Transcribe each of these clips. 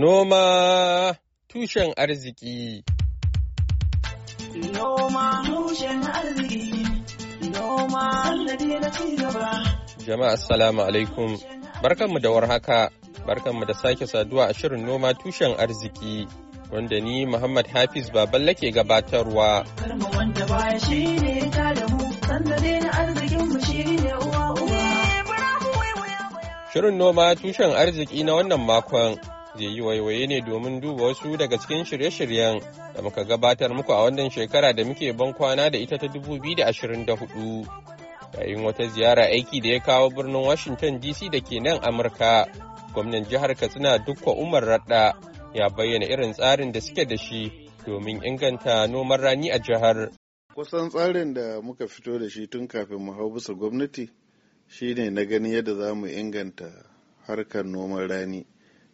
Noma tushen arziki. Noma tushen arziki. Noma na ci gaba. Jama'a assalamu alaikum. Barkanmu da warhaka. Barkanmu da sake saduwa a shirin noma tushen arziki. Wanda ni Muhammad Hafiz baban lake gabatarwa. wanda baya shi ne sanda ne uwa uwa. Eh, shirin noma tushen arziki na wannan makon zai yi waiwaye ne domin duba wasu daga cikin shirye-shiryen da muka gabatar muku a wannan shekara da muke ban kwana da ita ta da da ashirin 2024 yayin wata ziyara aiki da ya kawo birnin washington dc da ke nan amurka gwamnan jihar katsina dukwa umar radda ya bayyana irin tsarin da suke da shi domin inganta noman rani a jihar kusan tsarin da muka fito da shi tun kafin mu hau bisa gwamnati shine na gani yadda za mu inganta harkar noman rani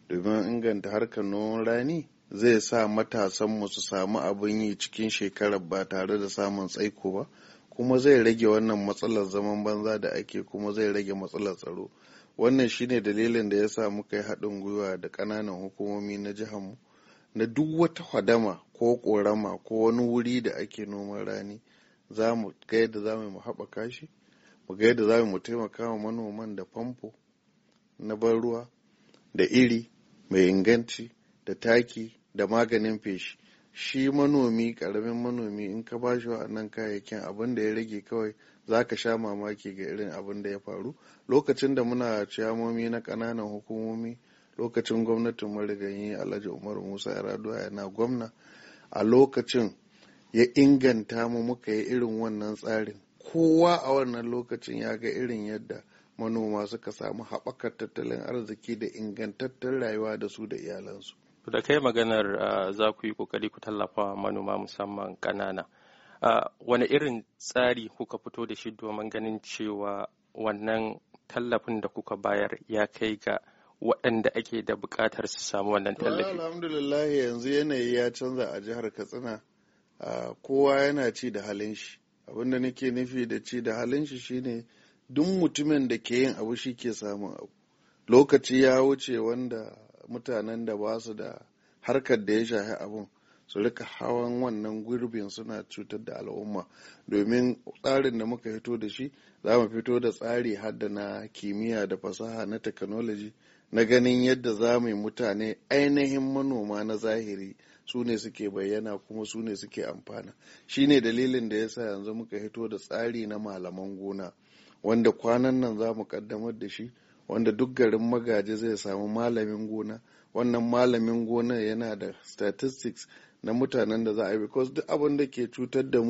domin inganta harkar noman rani zai sa matasanmu su samu abin yi cikin shekarar ba tare da samun tsaiko ba kuma zai rage wannan matsalar zaman banza da ake kuma zai rage matsalar tsaro wannan shine dalilin da ya sa muka yi haɗin gwiwa da ƙananan hukumomi na jihanmu na duk wata hadama ko ƙorama ko wani wuri da ake noman rani za mu ga yadda za mu haɓaka shi mu ga yadda za mu taimaka wa manoman da famfo na ban ruwa da iri mai inganci da taki da maganin feshi shi manomi karamin manomi in ka ba shi wa'annan kayayyakin abin da ya rage kawai za ka sha mamaki ga irin abin da ya faru lokacin da muna ciyamomi na ƙananan hukumomi lokacin gwamnatin marigayi alhaji umar musa yaraduwa yana gwamna a lokacin ya inganta mu muka yi irin wannan tsarin kowa a wannan lokacin ya ga irin yadda manoma suka samu haɓakar tattalin arziki da ingantattun rayuwa da su da iyalansu. da kai maganar ah, za ku yi kokari ku tallafa manoma musamman ƙanana ah, wani irin tsari kuka fito da shi domin ganin cewa wannan tallafin da kuka bayar ya kai ga waɗanda ake da buƙatar su samu wannan tallafi. alhamdulillah yanzu yanayi ya canza a jihar katsina ah, kowa yana ci da halin shi abinda nake nufi da ci da halin shi shine duk mutumin da ke yin abu shi ke samun abu lokaci ya wuce wanda mutanen da ba su da harkar da ya shahi abun su rika hawan wannan gurbin suna cutar da al'umma domin tsarin da muka fito da shi za mu fito da tsari hadda na kimiyya da fasaha na technology na ganin yadda za mu yi mutane ainihin manoma na zahiri su ne suke bayyana kuma su ne suke amfana shine dalilin da ya sa yanzu muka fito da tsari na malaman gona wanda kwanan nan za mu kaddamar da shi wanda duk garin magaji zai samu malamin gona wannan malamin gona yana da statistics na mutanen da za a yi because duk abin da ke cutar da mu